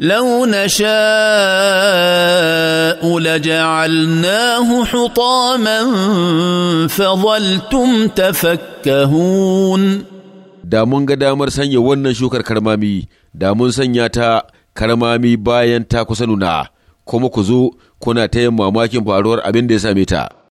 لو نشاء لجعلناه حطاما فظلتم تفكهون da mun ga damar sanya wannan shukar karmami da mun sanya ta karmami bayan ta kusa nuna kuma ku zo kuna ta yin mamakin faruwar abin da ya same ta